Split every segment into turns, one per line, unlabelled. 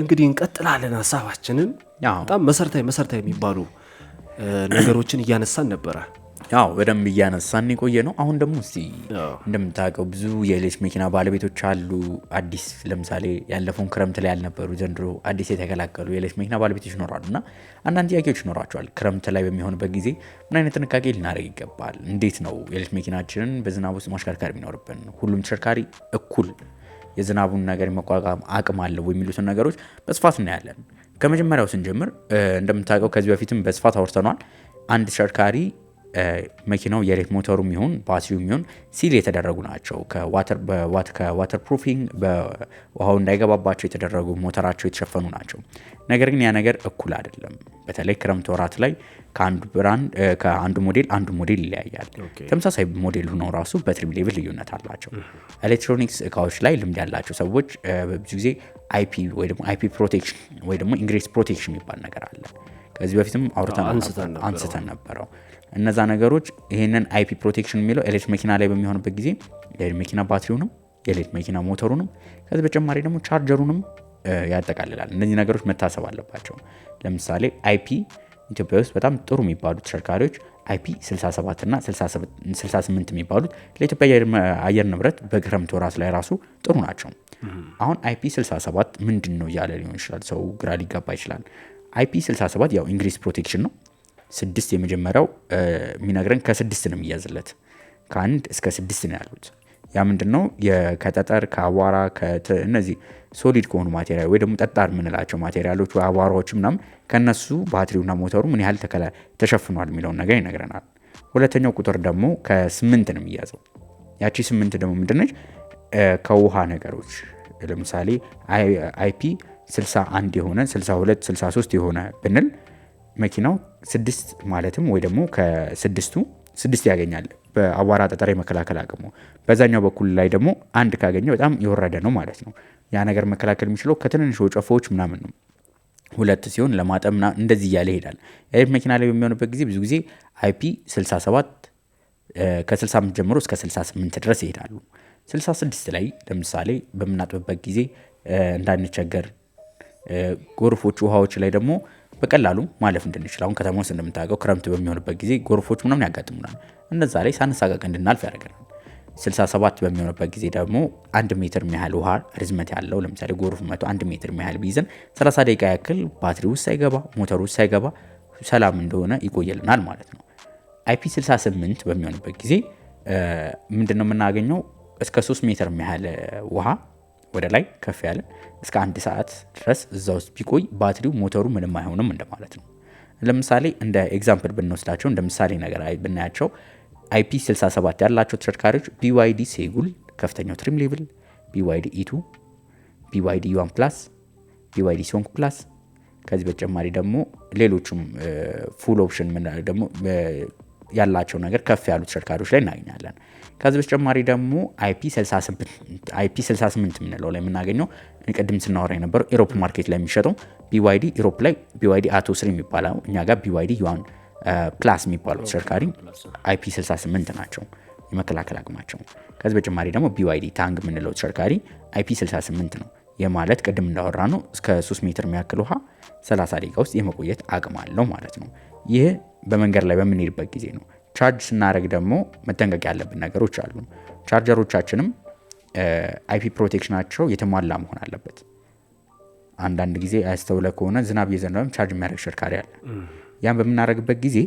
እንግዲህ እንቀጥላለን ሀሳባችንን። በጣም መሰረታዊ መሰረታዊ የሚባሉ ነገሮችን እያነሳን ነበረ።
ያው በደንብ እያነሳን የቆየ ነው። አሁን ደግሞ እስቲ እንደምታውቀው ብዙ የኤሌክትሪክ መኪና ባለቤቶች አሉ። አዲስ ለምሳሌ ያለፈውን ክረምት ላይ ያልነበሩ ዘንድሮ አዲስ የተቀላቀሉ የሌሽ መኪና ባለቤቶች ይኖራሉ እና አንዳንድ ጥያቄዎች ይኖራቸዋል። ክረምት ላይ በሚሆንበት ጊዜ ምን አይነት ጥንቃቄ ልናደርግ ይገባል? እንዴት ነው የኤሌክትሪክ መኪናችንን በዝናብ ውስጥ ማሽከርከር የሚኖርብን? ሁሉም ተሽከርካሪ እኩል የዝናቡን ነገር የመቋቋም አቅም አለው የሚሉትን ነገሮች በስፋት እናያለን። ከመጀመሪያው ስንጀምር እንደምታውቀው ከዚህ በፊትም በስፋት አውርተኗል። አንድ ተሽከርካሪ መኪናው የሌት ሞተሩ ይሁን ባትሪውም ይሁን ሲል የተደረጉ ናቸው። ከዋተር ፕሩፊንግ በውሃው እንዳይገባባቸው የተደረጉ ሞተራቸው የተሸፈኑ ናቸው። ነገር ግን ያ ነገር እኩል አይደለም። በተለይ ክረምት ወራት ላይ ከአንዱ ሞዴል አንዱ ሞዴል ይለያያል። ተመሳሳይ ሞዴል ሆነው ራሱ በትሪም ሌቭል ልዩነት አላቸው። ኤሌክትሮኒክስ እቃዎች ላይ ልምድ ያላቸው ሰዎች ብዙ ጊዜ አይፒ ወይ ደግሞ አይፒ ፕሮቴክሽን ወይ ደግሞ ኢንግሬስ ፕሮቴክሽን የሚባል ነገር አለ። ከዚህ በፊትም አውርተን አንስተን ነበረው እነዛ ነገሮች ይህንን አይፒ ፕሮቴክሽን የሚለው ኤሌክትሪክ መኪና ላይ በሚሆንበት ጊዜ የኤሌክትሪክ መኪና ባትሪውንም የኤሌክትሪክ መኪና ሞተሩንም ከዚህ በተጨማሪ ደግሞ ቻርጀሩንም ያጠቃልላል። እነዚህ ነገሮች መታሰብ አለባቸው። ለምሳሌ አይፒ ኢትዮጵያ ውስጥ በጣም ጥሩ የሚባሉ ተሽከርካሪዎች አይፒ 67 እና 68 የሚባሉት ለኢትዮጵያ አየር ንብረት በክረምት ወራት ላይ ራሱ ጥሩ ናቸው። አሁን አይፒ 67 ምንድን ነው እያለ ሊሆን ይችላል፣ ሰው ግራ ሊገባ ይችላል። አይፒ 67 ያው ኢንግሊዝ ፕሮቴክሽን ነው ስድስት የመጀመሪያው የሚነግረን ከስድስት ነው የሚያዝለት ከአንድ እስከ ስድስት ነው ያሉት። ያ ምንድን ነው? ከጠጠር ከአቧራ እነዚህ ሶሊድ ከሆኑ ማቴሪያል ወይ ደግሞ ጠጣር የምንላቸው ማቴሪያሎች ወይ አቧራዎች ምናምን ከእነሱ ባትሪውና ሞተሩ ምን ያህል ተሸፍኗል የሚለውን ነገር ይነግረናል። ሁለተኛው ቁጥር ደግሞ ከስምንት ነው የሚያዘው። ያቺ ስምንት ደግሞ ምንድነች? ከውሃ ነገሮች ለምሳሌ አይፒ 61 የሆነ 62 63 የሆነ ብንል መኪናው ስድስት ማለትም ወይ ደግሞ ከስድስቱ ስድስት ያገኛል በአቧራ ጠጠር የመከላከል አቅሙ። በዛኛው በኩል ላይ ደግሞ አንድ ካገኘ በጣም የወረደ ነው ማለት ነው። ያ ነገር መከላከል የሚችለው ከትንንሽ ወጨፎዎች ምናምን ነው። ሁለት ሲሆን ለማጠብ እንደዚህ እያለ ይሄዳል። ኤሌክትሪክ መኪና ላይ በሚሆንበት ጊዜ ብዙ ጊዜ አይፒ 67 ከ65 ጀምሮ እስከ 68 ድረስ ይሄዳሉ። 66 ላይ ለምሳሌ በምናጥብበት ጊዜ እንዳንቸገር፣ ጎርፎች ውሃዎች ላይ ደግሞ በቀላሉ ማለፍ እንድንችል አሁን ከተማ ውስጥ እንደምታውቀው ክረምት በሚሆንበት ጊዜ ጎርፎች ምናምን ያጋጥሙናል። እነዛ ላይ ሳንሳቀቅ እንድናልፍ ያደርገናል። 67 በሚሆንበት ጊዜ ደግሞ አንድ ሜትር ያህል ውሃ ርዝመት ያለው ለምሳሌ ጎርፍ መቶ አንድ ሜትር ያህል ቢይዘን 30 ደቂቃ ያክል ባትሪ ውስጥ ሳይገባ ሞተር ውስጥ ሳይገባ ሰላም እንደሆነ ይቆየልናል ማለት ነው። አይፒ 68 በሚሆንበት ጊዜ ምንድነው የምናገኘው? እስከ 3 ሜትር ያህል ውሃ ወደ ላይ ከፍ ያለ እስከ አንድ ሰዓት ድረስ እዛ ውስጥ ቢቆይ ባትሪው ሞተሩ ምንም አይሆንም እንደማለት ነው። ለምሳሌ እንደ ኤግዛምፕል ብንወስዳቸው እንደ ምሳሌ ነገር ብናያቸው አይፒ 67 ያላቸው ተሽከርካሪዎች ቢዋይዲ ሴጉል ከፍተኛው ትሪም ሌብል፣ ቢዋይዲ ኢቱ፣ ቢዋይዲ ዩን ፕላስ፣ ቢዋይዲ ሲንኩ ፕላስ ከዚህ በተጨማሪ ደግሞ ሌሎቹም ፉል ኦፕሽን ደግሞ ያላቸው ነገር ከፍ ያሉ ተሽከርካሪዎች ላይ እናገኛለን። ከዚህ በተጨማሪ ደግሞ አይፒ 68 የምንለው ላይ የምናገኘው ቅድም ስናወራ የነበረው ኢሮፕ ማርኬት ላይ የሚሸጠው ቢዋይዲ ኢሮፕ ላይ ቢዋይዲ አቶ ስር የሚባለው እኛ ጋር ቢዋይዲ ዩዋን ፕላስ የሚባለው ተሽከርካሪ አይፒ 68 ናቸው የመከላከል አቅማቸው። ከዚህ በተጨማሪ ደግሞ ቢዋይዲ ታንግ የምንለው ተሽከርካሪ አይፒ 68 ነው። የማለት ቅድም እንዳወራ ነው እስከ 3 ሜትር የሚያክል ውሃ 30 ደቂቃ ውስጥ የመቆየት አቅም አለው ማለት ነው። ይህ በመንገድ ላይ በምንሄድበት ጊዜ ነው። ቻርጅ ስናደረግ ደግሞ መጠንቀቅ ያለብን ነገሮች አሉ። ቻርጀሮቻችንም አይፒ ፕሮቴክሽናቸው የተሟላ መሆን አለበት። አንዳንድ ጊዜ አያስተውለ ከሆነ ዝናብ እየዘነበም ቻርጅ የሚያደርግ ሽርካሪ አለ። ያን በምናደርግበት ጊዜ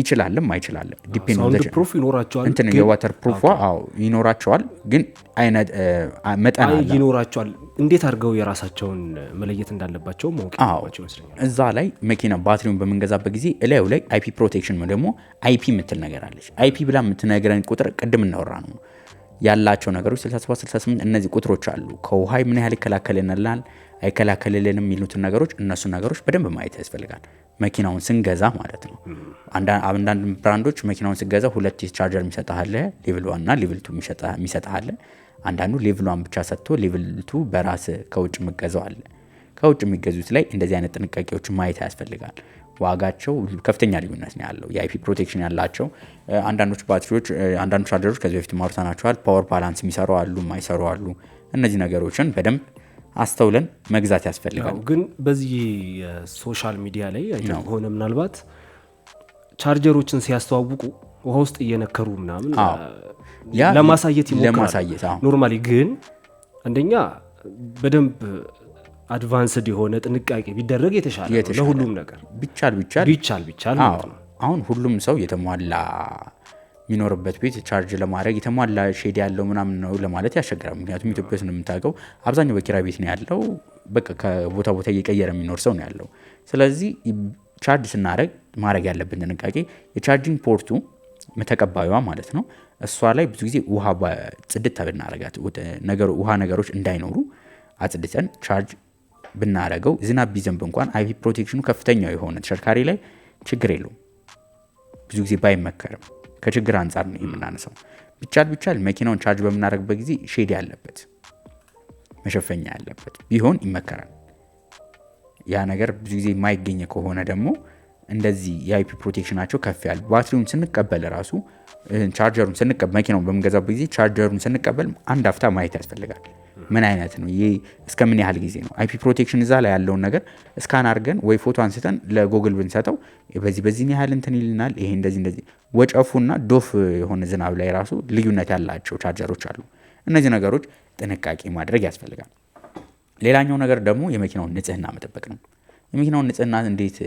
ይችላልም አይችላልም
ዲፔንድፕሩፍ ይኖራቸዋል
እንትን የዋተር ፕሩፍ አዎ ይኖራቸዋል፣ ግን አይነት መጠን
አለ ይኖራቸዋል። እንዴት አድርገው የራሳቸውን መለየት እንዳለባቸው
ማወቅ እዛ ላይ መኪና ባትሪውን በምንገዛበት ጊዜ እላዩ ላይ አይፒ ፕሮቴክሽን ደግሞ አይፒ የምትል ነገር አለች። አይፒ ብላ የምትነግረን ቁጥር ቅድም እናወራ ነው ያላቸው ነገሮች 6768 እነዚህ ቁጥሮች አሉ። ከውሃይ ምን ያህል ይከላከልልናል አይከላከልልንም የሚሉትን ነገሮች እነሱን ነገሮች በደንብ ማየት ያስፈልጋል። መኪናውን ስንገዛ ማለት ነው። አንዳንድ ብራንዶች መኪናውን ስገዛ ሁለት ቻርጀር የሚሰጠለ ሌቭል ዋን እና ሌቭል ቱ የሚሰጠለ አንዳንዱ ሌቭል ዋን ብቻ ሰጥቶ ሌቭል ቱ በራስ ከውጭ የምገዛው አለ። ከውጭ የሚገዙት ላይ እንደዚህ አይነት ጥንቃቄዎች ማየት ያስፈልጋል። ዋጋቸው ከፍተኛ ልዩነት ነው ያለው። የአይፒ ፕሮቴክሽን ያላቸው አንዳንዶች ባትሪዎች፣ አንዳንዶች ቻርጀሮች ከዚህ በፊት ናቸዋል። ፓወር ባላንስ የሚሰሩ አሉ፣ የማይሰሩ አሉ። እነዚህ ነገሮችን በደንብ አስተውለን መግዛት ያስፈልጋል።
ግን በዚህ ሶሻል ሚዲያ ላይ ሆነ ምናልባት ቻርጀሮችን ሲያስተዋውቁ ውሃ ውስጥ እየነከሩ ምናምን ለማሳየት ለማሳየት ኖርማሊ ግን አንደኛ በደንብ አድቫንስድ የሆነ ጥንቃቄ ቢደረግ የተሻለ ለሁሉም ነገር
ቢቻል ቢቻል
ቢቻል ቢቻል
አሁን ሁሉም ሰው የተሟላ የሚኖርበት ቤት ቻርጅ ለማድረግ የተሟላ ሼድ ያለው ምናምን ነው ለማለት ያስቸግራል። ምክንያቱም ኢትዮጵያ እንደምታውቀው አብዛኛው በኪራይ ቤት ነው ያለው። በቃ ከቦታ ቦታ እየቀየረ የሚኖር ሰው ነው ያለው። ስለዚህ ቻርጅ ስናደረግ ማድረግ ያለብን ጥንቃቄ የቻርጅንግ ፖርቱ ተቀባዩዋ ማለት ነው እሷ ላይ ብዙ ጊዜ ውሃ ጽድት ብናረጋት ውሃ ነገሮች እንዳይኖሩ አጽድተን ቻርጅ ብናረገው ዝናብ ቢዘንብ እንኳን አይፒ ፕሮቴክሽኑ ከፍተኛ የሆነ ተሽከርካሪ ላይ ችግር የለውም። ብዙ ጊዜ ባይመከርም ከችግር አንጻር ነው የምናነሳው። ቢቻል ቢቻል መኪናውን ቻርጅ በምናደርግበት ጊዜ ሼድ ያለበት መሸፈኛ ያለበት ቢሆን ይመከራል። ያ ነገር ብዙ ጊዜ የማይገኝ ከሆነ ደግሞ እንደዚህ የአይፒ ፕሮቴክሽናቸው ከፍ ያለ ባትሪውን ስንቀበል ራሱ ቻርጀሩን ስንቀበል መኪናውን በምንገዛበት ጊዜ ቻርጀሩን ስንቀበል አንድ አፍታ ማየት ያስፈልጋል። ምን አይነት ነው ይሄ እስከ ምን ያህል ጊዜ ነው አይፒ ፕሮቴክሽን እዛ ላይ ያለውን ነገር እስካን አድርገን ወይ ፎቶ አንስተን ለጎግል ብንሰጠው በዚህ በዚህን ያህል እንትን ይልናል ይሄ እንደዚህ እንደዚህ ወጨፉና ዶፍ የሆነ ዝናብ ላይ ራሱ ልዩነት ያላቸው ቻርጀሮች አሉ እነዚህ ነገሮች ጥንቃቄ ማድረግ ያስፈልጋል ሌላኛው ነገር ደግሞ የመኪናውን ንጽህና መጠበቅ ነው የመኪናውን ንጽህና እንዴት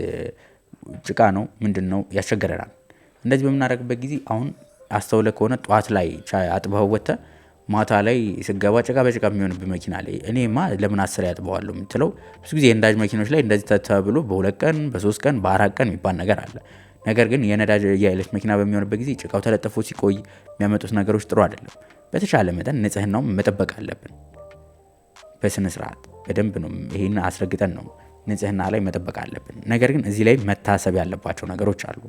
ጭቃ ነው ምንድን ነው ያስቸገረናል እንደዚህ በምናደርግበት ጊዜ አሁን አስተውለ ከሆነ ጠዋት ላይ አጥበኸው ወጥተህ ማታ ላይ ስገባ ጭቃ በጭቃ የሚሆንብ መኪና ላይ እኔማ ለምን አስር ያጥበዋለሁ የምትለው ብዙ ጊዜ የነዳጅ መኪኖች ላይ እንደዚህ ተብሎ በሁለት ቀን በሶስት ቀን በአራት ቀን የሚባል ነገር አለ። ነገር ግን የነዳጅ የኃይለች መኪና በሚሆንበት ጊዜ ጭቃው ተለጥፎ ሲቆይ የሚያመጡት ነገሮች ጥሩ አይደለም። በተቻለ መጠን ንጽህናውም መጠበቅ አለብን። በስነ ስርዓት በደንብ ነው። ይህን አስረግጠን ነው ንጽህና ላይ መጠበቅ አለብን። ነገር ግን እዚህ ላይ መታሰብ ያለባቸው ነገሮች አሉ።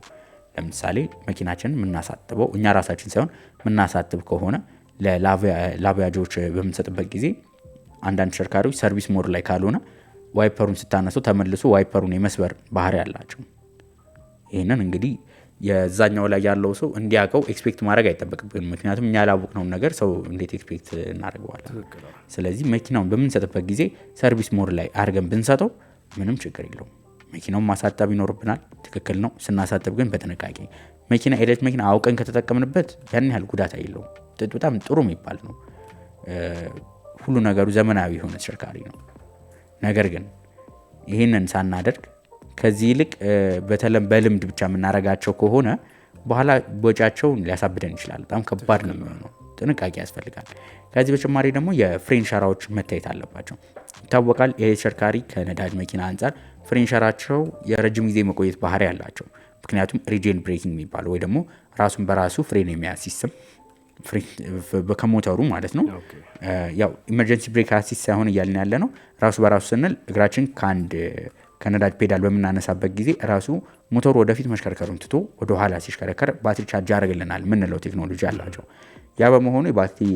ለምሳሌ መኪናችንን የምናሳጥበው እኛ ራሳችን ሳይሆን የምናሳጥብ ከሆነ ለላቪያጆች በምንሰጥበት ጊዜ አንዳንድ ተሽከርካሪዎች ሰርቪስ ሞድ ላይ ካልሆነ ዋይፐሩን ስታነሱ ተመልሶ ዋይፐሩን የመስበር ባህሪ ያላቸው። ይህንን እንግዲህ የዛኛው ላይ ያለው ሰው እንዲያውቀው ኤክስፔክት ማድረግ አይጠበቅብን። ምክንያቱም እኛ ያላወቅነውን ነገር ሰው እንዴት ኤክስፔክት እናደርገዋል ስለዚህ መኪናውን በምንሰጥበት ጊዜ ሰርቪስ ሞድ ላይ አድርገን ብንሰጠው ምንም ችግር የለውም። መኪናውን ማሳጠብ ይኖርብናል፣ ትክክል ነው። ስናሳጥብ ግን በጥንቃቄ መኪና ኤሌት መኪና አውቀን ከተጠቀምንበት ያን ያህል ጉዳት አይለውም በጣም ጥሩ የሚባል ነው። ሁሉ ነገሩ ዘመናዊ የሆነ ተሽከርካሪ ነው። ነገር ግን ይህንን ሳናደርግ ከዚህ ይልቅ በተለም በልምድ ብቻ የምናደርጋቸው ከሆነ በኋላ ወጪያቸውን ሊያሳብደን ይችላል። በጣም ከባድ ነው የሚሆነው። ጥንቃቄ ያስፈልጋል። ከዚህ በተጨማሪ ደግሞ የፍሬን ሸራዎች መታየት አለባቸው። ይታወቃል፣ የተሽከርካሪ ከነዳጅ መኪና አንጻር ፍሬን ሸራቸው የረጅም ጊዜ መቆየት ባህሪ ያላቸው ምክንያቱም ሪጅን ብሬኪንግ የሚባለው ወይ ደግሞ ራሱን በራሱ ፍሬን የሚያዝ ሲስተም ከሞተሩ ማለት ነው። ያው ኢመርጀንሲ ብሬክ አሲስ ሳይሆን እያልን ያለ ነው። ራሱ በራሱ ስንል እግራችን ከአንድ ከነዳጅ ፔዳል በምናነሳበት ጊዜ ራሱ ሞተሩ ወደፊት መሽከርከሩን ትቶ ወደ ኋላ ሲሽከረከር ባትሪ ቻርጅ ያደርግልናል የምንለው ቴክኖሎጂ አላቸው። ያ በመሆኑ የባትሪ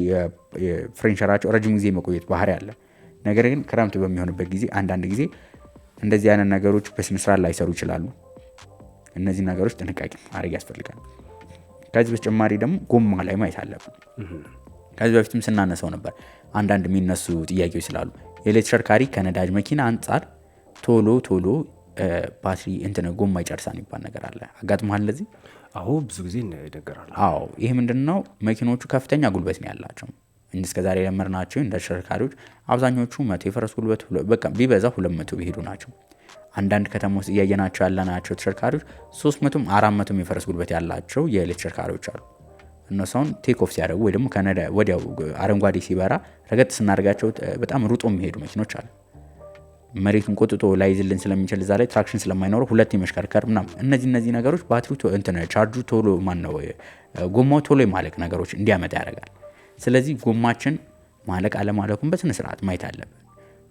ፍሬንሸራቸው ረጅም ጊዜ መቆየት ባህሪ አለ። ነገር ግን ክረምት በሚሆንበት ጊዜ አንዳንድ ጊዜ እንደዚህ አይነት ነገሮች በስነስርዓት ላይሰሩ ይችላሉ። እነዚህ ነገሮች ጥንቃቄ ማድረግ ያስፈልጋል። ከዚህ በተጨማሪ ደግሞ ጎማ ላይ ማየት አለብ ከዚህ በፊትም ስናነሰው ነበር አንዳንድ የሚነሱ ጥያቄዎች ስላሉ የኤሌክትሪክ ከነዳጅ መኪና አንጻር ቶሎ ቶሎ ባትሪ እንትነ ጎማ ይጨርሳን ይባል ነገር አለ። አጋጥሞሃል ለዚህ
አዎ ብዙ ጊዜ ይነገራል።
አዎ ይህ ምንድን ነው? መኪኖቹ ከፍተኛ ጉልበት ነው ያላቸው እንጂ እስከዛሬ የለመድናቸው እንደ ተሽከርካሪዎች አብዛኞቹ መቶ የፈረስ ጉልበት ቢበዛ ሁለት መቶ ቢሄዱ ናቸው። አንዳንድ ከተማ ውስጥ እያየናቸው ያለናቸው ተሽከርካሪዎች 300ም 400ም የፈረስ ጉልበት ያላቸው የኤሌክትሪክ ተሽከርካሪዎች አሉ። እነሱን ቴክ ኦፍ ሲያደርጉ ወይ ደግሞ ከነዳ ወዲያው አረንጓዴ ሲበራ ረገጥ ስናደርጋቸው በጣም ሩጦ የሚሄዱ መኪኖች አሉ። መሬቱን ቆጥጦ ላይዝልን ስለሚችል እዛ ላይ ትራክሽን ስለማይኖረው ሁለት የመሽከርከር ምናም እነዚህ እነዚህ ነገሮች ባትሪው እንትን ቻርጁ ቶሎ ማነው ጎማው ቶሎ የማለቅ ነገሮች እንዲያመጣ ያደርጋል። ስለዚህ ጎማችን ማለቅ አለማለቁን በስነ ስርዓት ማየት አለብን።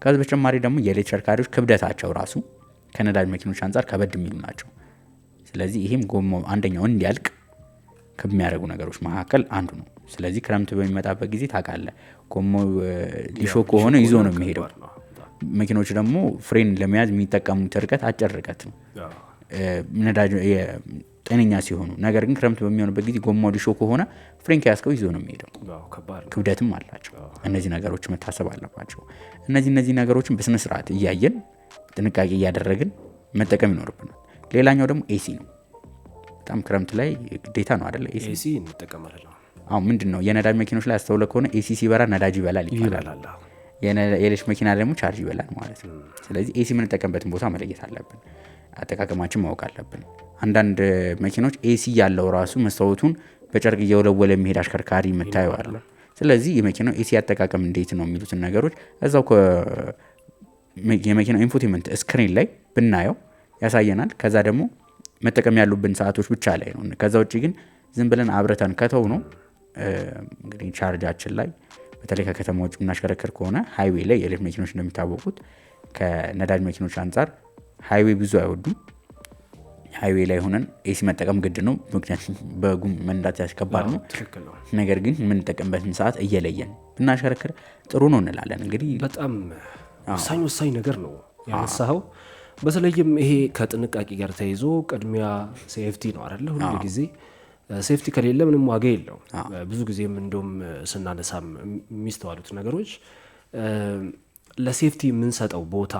ከዚህ በተጨማሪ ደግሞ የኤሌክትሪክ ተሽከርካሪዎች ክብደታቸው ራሱ ከነዳጅ መኪኖች አንጻር ከበድ የሚሉ ናቸው። ስለዚህ ይህም ጎማው አንደኛው እንዲያልቅ ከሚያደርጉ ነገሮች መካከል አንዱ ነው። ስለዚህ ክረምት በሚመጣበት ጊዜ ታቃለ ጎማው ሊሾ ከሆነ ይዞ ነው የሚሄደው። መኪኖች ደግሞ ፍሬን ለመያዝ የሚጠቀሙት ርቀት አጭር ርቀት ነው ነዳጅ ጤነኛ ሲሆኑ። ነገር ግን ክረምት በሚሆንበት ጊዜ ጎማው ሊሾ ከሆነ ፍሬን ከያዝከው ይዞ ነው የሚሄደው። ክብደትም አላቸው። እነዚህ ነገሮች መታሰብ አለባቸው። እነዚህ እነዚህ ነገሮችን በስነስርዓት እያየን ጥንቃቄ እያደረግን መጠቀም ይኖርብናል። ሌላኛው ደግሞ ኤሲ ነው። በጣም ክረምት ላይ ግዴታ ነው አደለ? ኤሲ ምንድን ነው የነዳጅ መኪኖች ላይ አስተውለ ከሆነ ኤሲ ሲበራ ነዳጅ ይበላል ይባላል። የሌሎች መኪና ደግሞ ቻርጅ ይበላል ማለት ነው። ስለዚህ ኤሲ የምንጠቀምበትን ቦታ መለየት አለብን። አጠቃቀማችን ማወቅ አለብን። አንዳንድ መኪኖች ኤሲ ያለው ራሱ መስታወቱን በጨርቅ እየወለወለ የሚሄድ አሽከርካሪ የምታየው ስለዚህ የመኪናው ኤሲ አጠቃቀም እንዴት ነው የሚሉትን ነገሮች እዛው የመኪና ኢንፎቴመንት ስክሪን ላይ ብናየው ያሳየናል። ከዛ ደግሞ መጠቀም ያሉብን ሰዓቶች ብቻ ላይ ነው። ከዛ ውጭ ግን ዝም ብለን አብረተን ከተው ነው እንግዲህ ቻርጃችን ላይ በተለይ ከከተማ ውጭ ከሆነ ሃይዌ ላይ የኤሌክትሪክ መኪኖች እንደሚታወቁት ከነዳጅ መኪኖች አንጻር ሃይዌ ብዙ አይወዱም። ሃይዌ ላይ ሆነን ኤሲ መጠቀም ግድ ነው፣ ምክንያቱም በጉም መንዳት ያስከባድ ነው። ነገር ግን የምንጠቀምበትን ሰዓት እየለየን ብናሽከረክር ጥሩ ነው እንላለን። እንግዲህ
በጣም ወሳኝ ወሳኝ ነገር ነው ያነሳኸው። በተለይም ይሄ ከጥንቃቄ ጋር ተይዞ ቅድሚያ ሴፍቲ ነው አይደለ? ሁሉ ጊዜ ሴፍቲ ከሌለ ምንም ዋጋ የለው። ብዙ ጊዜም እንደም ስናነሳም የሚስተዋሉት ነገሮች ለሴፍቲ የምንሰጠው ቦታ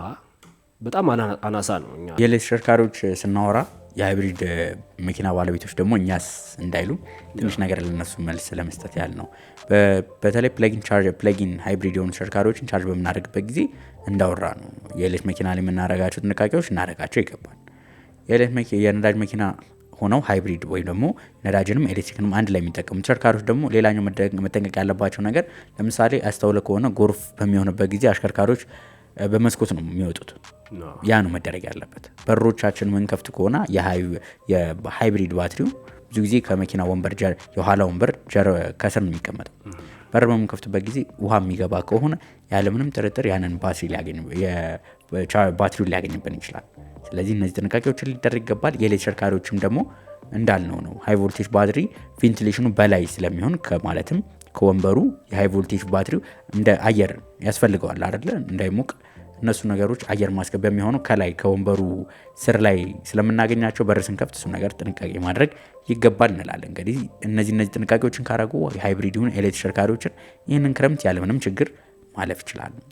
በጣም አናሳ ነው።
እኛ የኤሌክትሪክ ተሽከርካሪዎች ስናወራ የሃይብሪድ መኪና ባለቤቶች ደግሞ እኛስ እንዳይሉ ትንሽ ነገር ለነሱ መልስ ለመስጠት ያህል ነው። በተለይ ፕለጊን ቻርጅ ፕለጊን ሃይብሪድ የሆኑ ተሽከርካሪዎችን ቻርጅ በምናደርግበት ጊዜ እንዳወራ ነው የሌት መኪና ላይ የምናደርጋቸው ጥንቃቄዎች እናደርጋቸው ይገባል። የነዳጅ መኪና ሆነው ሃይብሪድ ወይም ደግሞ ነዳጅንም ኤሌክትሪክንም አንድ ላይ የሚጠቀሙ ተሽከርካሪዎች ደግሞ ሌላኛው መጠንቀቅ ያለባቸው ነገር ለምሳሌ አስተውለ ከሆነ ጎርፍ በሚሆንበት ጊዜ አሽከርካሪዎች በመስኮት ነው የሚወጡት። ያ ነው መደረግ ያለበት። በሮቻችን ምንከፍት ከሆነ የሃይብሪድ ባትሪው ብዙ ጊዜ ከመኪና ወንበር የኋላ ወንበር ከስር ነው የሚቀመጠው። በር በምንከፍትበት ጊዜ ውሃ የሚገባ ከሆነ ያለምንም ጥርጥር ያንን ባትሪውን ሊያገኝብን ይችላል። ስለዚህ እነዚህ ጥንቃቄዎችን ሊደረግ ይገባል። የተሽከርካሪዎችም ደግሞ እንዳልነው ነው ሃይ ቮልቴጅ ባትሪ ቬንቲሌሽኑ በላይ ስለሚሆን ከማለትም ከወንበሩ የሃይ ቮልቴጅ ባትሪው እንደ አየር ያስፈልገዋል አይደለ? እንዳይሞቅ እነሱ ነገሮች አየር ማስገቢያ የሚሆነው ከላይ ከወንበሩ ስር ላይ ስለምናገኛቸው በር ስንከፍት እሱ ነገር ጥንቃቄ ማድረግ ይገባል እንላለን። እንግዲህ እነዚህ እነዚህ ጥንቃቄዎችን ካረጉ የሃይብሪድ ይሁን ኤሌክትሪክ ተሽከርካሪዎችን ይህንን ክረምት ያለምንም ችግር ማለፍ ይችላሉ።